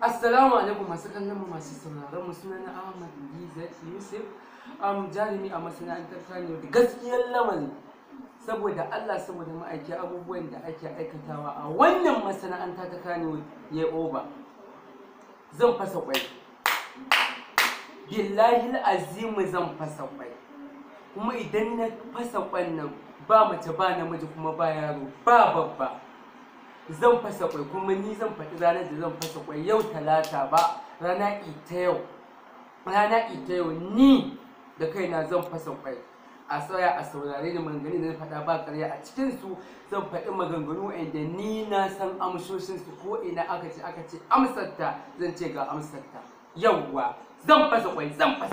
Assalamu alaikum masu kallon mu masu sauraron mu sunan Ahmad Giza Yusuf um, jarumi a masana'antar Kano da gaskiyar lamari saboda Allah saboda ma'aiki abubuwan da ake aikatawa a wannan masana'anta ta Kano ya oba zan fasa kwai billahi azim zan fasa kwai kuma idan na fasa kwan nan ba mace ba namiji kuma ba yaro ba babba zan fasa kwai kuma ni zan faɗi ranar da zan fasa kwai yau talata ba rana ita yau rana ita yau ni da kaina zan fasa kwai a tsaya a saurare da maganganu da fada, ba ƙarya a cikin su zan faɗi maganganu inda ni na san amsoshin su ko ina aka ce aka ce amsarta zan ce ga amsarta yauwa zan fasa kwai zan fasa